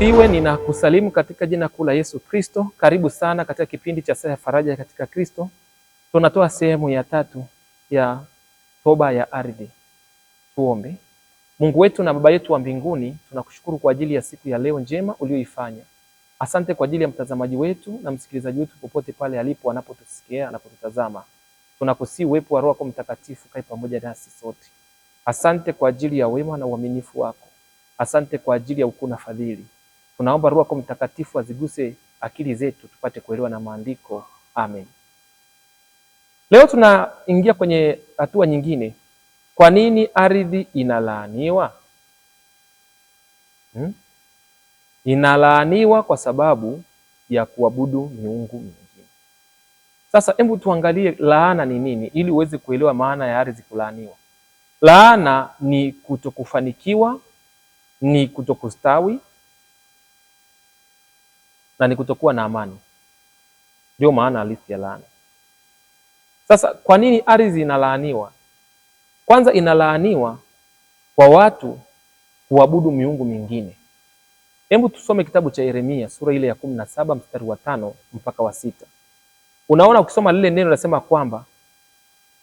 na ninakusalimu katika jina kuu la Yesu Kristo. Karibu sana katika kipindi cha Saa ya Faraja katika Kristo. Tunatoa sehemu ya tatu ya toba ya ardhi. Tuombe. Mungu wetu na Baba yetu wa mbinguni, tunakushukuru kwa ajili ya siku ya leo njema uliyoifanya. Asante kwa ajili ya mtazamaji wetu na msikilizaji wetu popote pale alipo, anapotusikia, anapotutazama. Tunakusii uwepo wa Roho Mtakatifu kae pamoja nasi sote. Asante kwa ajili ya wema na uaminifu wako. Asante kwa ajili ya ukuu na fadhili. Tunaomba Roho Mtakatifu aziguse akili zetu tupate kuelewa na maandiko. Amen. Leo tunaingia kwenye hatua nyingine. Kwa nini ardhi inalaaniwa? Hmm? Inalaaniwa kwa sababu ya kuabudu miungu mingine. Sasa hebu tuangalie laana ni nini, ili uweze kuelewa maana ya ardhi kulaaniwa. Laana ni kutokufanikiwa, ni kutokustawi, na ni kutokuwa na amani. Ndio maana halisi ya laana. Sasa kwa nini ardhi inalaaniwa? Kwanza inalaaniwa kwa watu kuabudu miungu mingine. Hebu tusome kitabu cha Yeremia sura ile ya kumi na saba mstari wa tano mpaka wa sita. Unaona, ukisoma lile neno linasema kwamba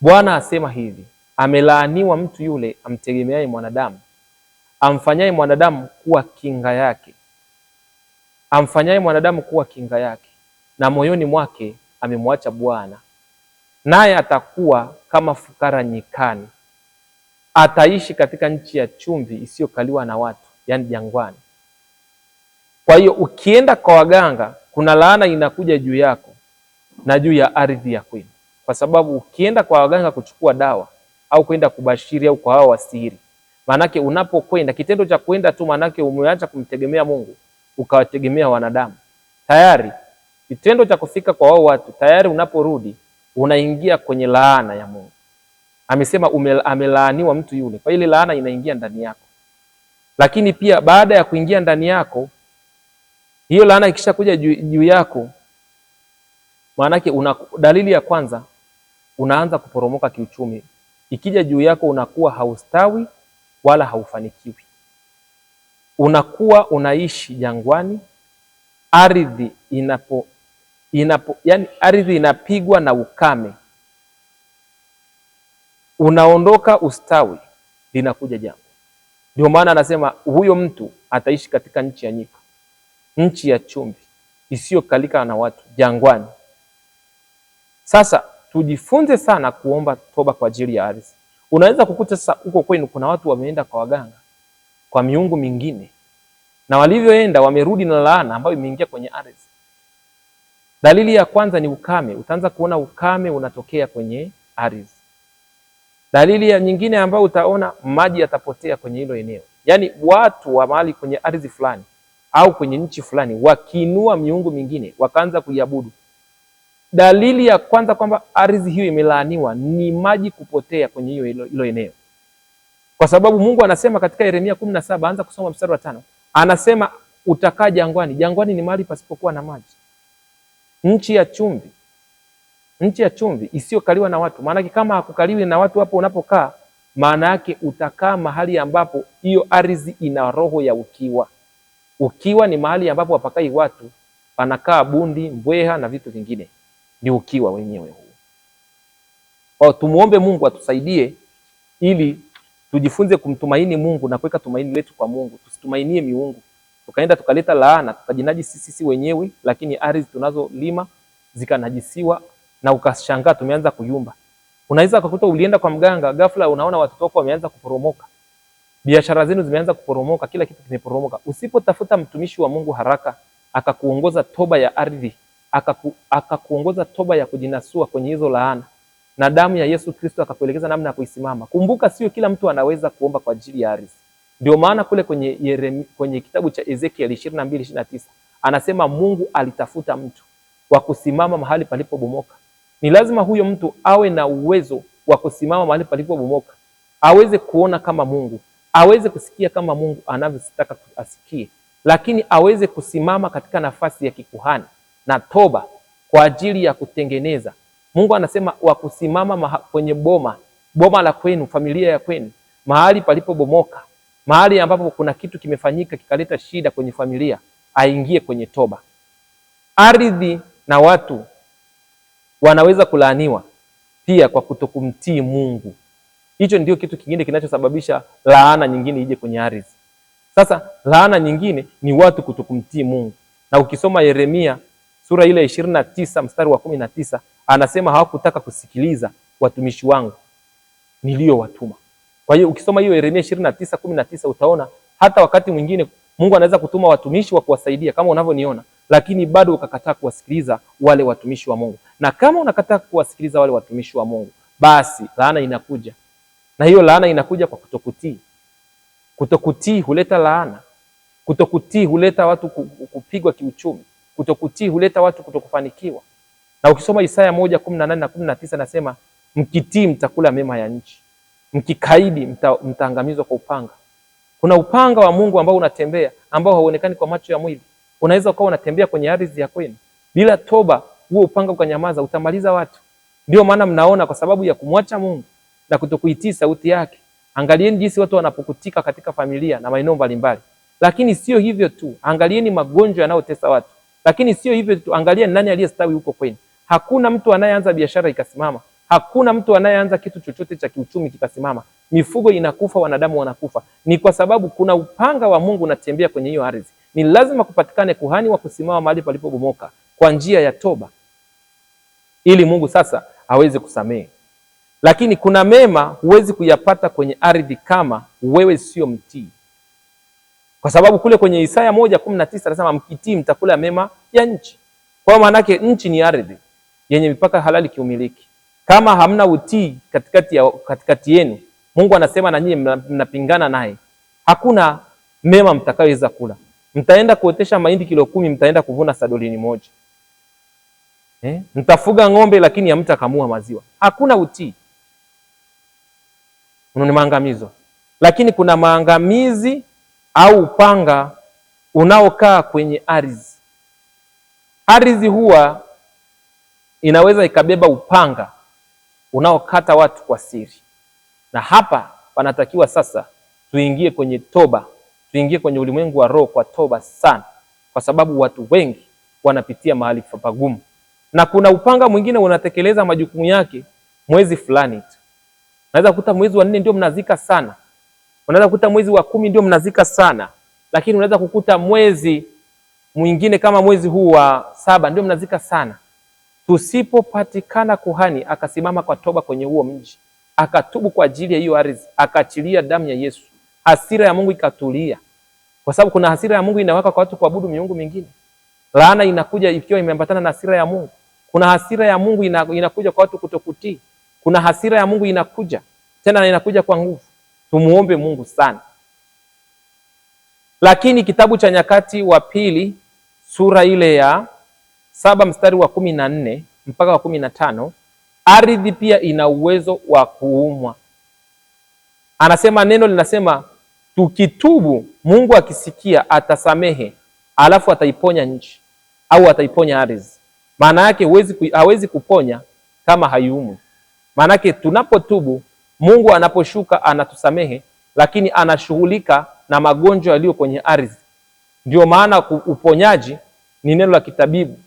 Bwana asema hivi, amelaaniwa mtu yule amtegemeaye mwanadamu, amfanyaye mwanadamu kuwa kinga yake amfanyaye mwanadamu kuwa kinga yake, na moyoni mwake amemwacha Bwana, naye atakuwa kama fukara nyikani, ataishi katika nchi ya chumvi isiyokaliwa na watu, yaani jangwani. Kwa hiyo ukienda kwa waganga, kuna laana inakuja juu yako na juu ya ardhi ya kwenu, kwa sababu ukienda kwa waganga kuchukua dawa au kwenda kubashiri au kwa hao wasihiri, maanake unapokwenda, kitendo cha kwenda tu, maanake umeacha kumtegemea Mungu ukawategemea wanadamu. Tayari kitendo cha kufika kwa wao watu, tayari unaporudi unaingia kwenye laana ya Mungu. Amesema amelaaniwa mtu yule, kwa ile laana inaingia ndani yako. Lakini pia baada ya kuingia ndani yako, hiyo laana ikishakuja juu yako, maanake una dalili ya kwanza, unaanza kuporomoka kiuchumi. Ikija juu yako, unakuwa haustawi wala haufanikiwi unakuwa unaishi jangwani, ardhi inapo, inapo, yani ardhi inapigwa na ukame, unaondoka ustawi, linakuja jangwa. Ndio maana anasema huyo mtu ataishi katika nchi ya nyika, nchi ya chumvi isiyokalika na watu, jangwani. Sasa tujifunze sana kuomba toba kwa ajili ya ardhi. Unaweza kukuta sasa huko kwenu kuna watu wameenda kwa waganga kwa miungu mingine, na walivyoenda wamerudi na laana ambayo imeingia kwenye ardhi. Dalili ya kwanza ni ukame, utaanza kuona ukame unatokea kwenye ardhi. Dalili ya nyingine ambayo utaona maji yatapotea kwenye hilo eneo, yaani watu wa mahali kwenye ardhi fulani au kwenye nchi fulani wakiinua miungu mingine wakaanza kuiabudu. Dalili ya kwanza kwamba ardhi hiyo imelaaniwa ni maji kupotea kwenye hiyo hilo eneo. Kwa sababu Mungu anasema katika Yeremia kumi na saba, anza kusoma mstari wa tano, anasema utakaa jangwani. Jangwani ni mahali pasipokuwa na maji, nchi ya chumvi, nchi ya chumvi isiyokaliwa na watu. Maanake kama hakukaliwi na watu hapo unapokaa, maana yake utakaa mahali ambapo hiyo ardhi ina roho ya ukiwa. Ukiwa ni mahali ambapo hapakai watu, panakaa bundi, mbweha na vitu vingine, ni ukiwa wenyewe huo. Tumuombe Mungu atusaidie ili Tujifunze kumtumaini Mungu na kuweka tumaini letu kwa Mungu, tusitumainie miungu tukaenda tukaleta laana tukajinajisi sisi wenyewe, lakini ardhi tunazolima zikanajisiwa na ukashangaa tumeanza kuyumba. Unaweza kukuta ulienda kwa mganga, ghafla unaona watoto wako wameanza kuporomoka, biashara zenu zimeanza kuporomoka, kila kitu kimeporomoka. Usipotafuta mtumishi wa Mungu haraka akakuongoza toba ya ardhi, akaku, akakuongoza toba ya kujinasua kwenye hizo laana, na damu ya Yesu Kristo akakuelekeza namna ya kuisimama. Kumbuka, sio kila mtu anaweza kuomba kwa ajili ya ardhi. Ndio maana kule kwenye, Yeremi, kwenye kitabu cha Ezekiel 22:29 anasema Mungu alitafuta mtu wa kusimama mahali palipobomoka. Ni lazima huyo mtu awe na uwezo wa kusimama mahali palipobomoka, aweze kuona kama Mungu, aweze kusikia kama Mungu anavyotaka asikie, lakini aweze kusimama katika nafasi ya kikuhani na toba kwa ajili ya kutengeneza Mungu anasema wa kusimama kwenye boma, boma la kwenu, familia ya kwenu, mahali palipobomoka, mahali ambapo kuna kitu kimefanyika kikaleta shida kwenye familia, aingie kwenye toba. Ardhi na watu wanaweza kulaaniwa pia kwa kutokumtii Mungu. Hicho ndio kitu kingine kinachosababisha laana nyingine ije kwenye ardhi. Sasa laana nyingine ni watu kutokumtii Mungu, na ukisoma Yeremia sura ile ishirini na tisa mstari wa kumi na tisa anasema hawakutaka kusikiliza watumishi wangu niliyowatuma. Kwa hiyo ukisoma hiyo Yeremia 29:19 utaona hata wakati mwingine Mungu anaweza kutuma watumishi wa kuwasaidia kama unavyoniona, lakini bado ukakataa kuwasikiliza wale watumishi wa Mungu. Na kama unakataa kuwasikiliza wale watumishi wa Mungu, basi laana inakuja, na hiyo laana inakuja kwa kutokutii. Kutokutii huleta laana. Kutokutii huleta watu kupigwa kiuchumi. Kutokutii huleta watu kutokufanikiwa. Na ukisoma Isaya moja kumi na nane na kumi na tisa nasema mkitii mtakula mema ya nchi, mkikaidi mtaangamizwa kwa upanga. Kuna upanga wa Mungu ambao unatembea ambao hauonekani kwa macho ya mwili. Unaweza ukawa unatembea kwenye ardhi ya kwenu bila toba, huo upanga ukanyamaza, utamaliza watu. Ndio maana mnaona kwa sababu ya kumwacha Mungu na kutokuitii sauti yake. Angalieni jinsi watu wanapokutika katika familia na maeneo mbalimbali. Lakini sio hivyo tu, angalieni magonjwa yanayotesa watu. Lakini sio hivyo tu, angalia nani aliyestawi huko kwenu. Hakuna mtu anayeanza biashara ikasimama. Hakuna mtu anayeanza kitu chochote cha kiuchumi kikasimama. Mifugo inakufa, wanadamu wanakufa, ni kwa sababu kuna upanga wa Mungu unatembea kwenye hiyo ardhi. Ni lazima kupatikane kuhani wa kusimama mahali palipobomoka kwa njia ya toba, ili Mungu sasa aweze kusamehe. Lakini kuna mema huwezi kuyapata kwenye ardhi kama wewe sio mtii, kwa sababu kule kwenye Isaya moja kumi na tisa anasema mkitii mtakula mema ya nchi. Kwa maana yake nchi ni ardhi yenye mipaka halali kiumiliki. Kama hamna utii katikati, ya, katikati yenu, Mungu anasema na nyinyi mnapingana naye, hakuna mema mtakayoweza kula. Mtaenda kuotesha mahindi kilo kumi, mtaenda kuvuna sadolini moja eh? Mtafuga ng'ombe lakini hamtakamua maziwa. Hakuna utii, ni maangamizo. Lakini kuna maangamizi au upanga unaokaa kwenye ardhi. Ardhi huwa inaweza ikabeba upanga unaokata watu kwa siri, na hapa panatakiwa sasa tuingie kwenye toba, tuingie kwenye ulimwengu wa roho kwa toba sana, kwa sababu watu wengi wanapitia mahali pagumu, na kuna upanga mwingine unatekeleza majukumu yake mwezi fulani tu. Unaweza kukuta mwezi wa nne ndio mnazika sana, unaweza kukuta mwezi wa kumi ndio mnazika sana, lakini unaweza kukuta mwezi mwingine kama mwezi huu wa saba ndio mnazika sana Tusipopatikana kuhani akasimama kwa toba kwenye huo mji, akatubu kwa ajili ya hiyo ardhi, akaachilia damu ya Yesu, hasira ya Mungu ikatulia, kwa sababu kuna hasira ya Mungu inawaka kwa watu kuabudu miungu mingine. Laana inakuja ikiwa imeambatana na hasira ya Mungu. Kuna hasira ya Mungu inakuja kwa watu kutokutii. Kuna hasira ya Mungu inakuja tena, inakuja kwa nguvu. Tumuombe Mungu sana. Lakini kitabu cha Nyakati wa Pili sura ile ya saba mstari wa kumi na nne mpaka wa kumi na tano ardhi pia ina uwezo wa kuumwa. Anasema neno linasema tukitubu, Mungu akisikia atasamehe, alafu ataiponya nchi au ataiponya ardhi. Maana yake hawezi kuponya kama haiumwi. Maana yake tunapotubu, Mungu anaposhuka anatusamehe, lakini anashughulika na magonjwa yaliyo kwenye ardhi. Ndio maana uponyaji ni neno la kitabibu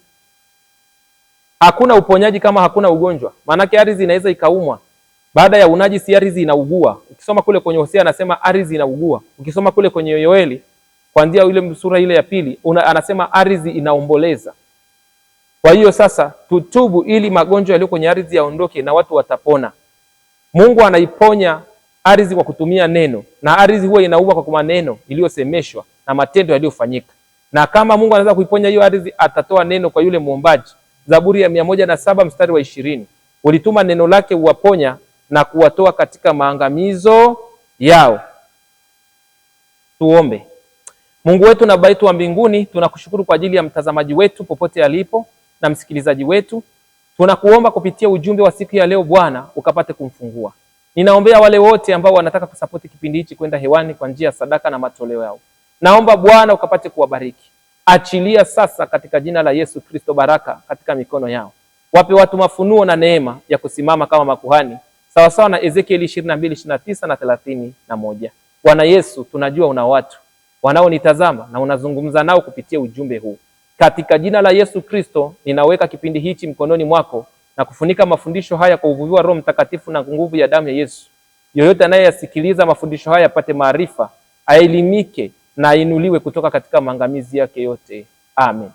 Hakuna uponyaji kama hakuna ugonjwa, maanake ardhi inaweza ikaumwa. Baada ya si ardhi inaugua. Ukisoma kule kwenye Hosea anasema ardhi inaugua. Ukisoma kule kwenye Yoeli kuanzia ile sura ile ya pili una, anasema ardhi inaomboleza. Kwa hiyo sasa tutubu ili magonjwa yaliyo kwenye ardhi yaondoke na watu watapona. Mungu anaiponya ardhi kwa kutumia neno, na ardhi huwa inaua kwa maneno iliyosemeshwa na matendo yaliyofanyika. Na kama Mungu anaweza kuiponya hiyo ardhi, atatoa neno kwa yule muombaji Zaburi ya mia moja na saba mstari wa ishirini ulituma neno lake uwaponya na kuwatoa katika maangamizo yao. Tuombe. Mungu wetu na Baba yetu wa mbinguni, tunakushukuru kwa ajili ya mtazamaji wetu popote alipo na msikilizaji wetu. Tunakuomba kupitia ujumbe wa siku ya leo, Bwana ukapate kumfungua. Ninaombea wale wote ambao wanataka kusapoti kipindi hichi kwenda hewani kwa njia ya sadaka na matoleo yao. Naomba Bwana ukapate kuwabariki Achilia sasa katika jina la Yesu Kristo baraka katika mikono yao. Wape watu mafunuo na neema ya kusimama kama makuhani sawasawa na Ezekieli 22, 29 na moja. Bwana Yesu, tunajua una watu wanaonitazama na unazungumza nao kupitia ujumbe huu. Katika jina la Yesu Kristo ninaweka kipindi hichi mkononi mwako na kufunika mafundisho haya kwa uvuvio wa Roho Mtakatifu na nguvu ya damu ya Yesu. Yoyote anayeyasikiliza mafundisho haya apate maarifa, aelimike na ainuliwe kutoka katika maangamizi yake yote. Amen.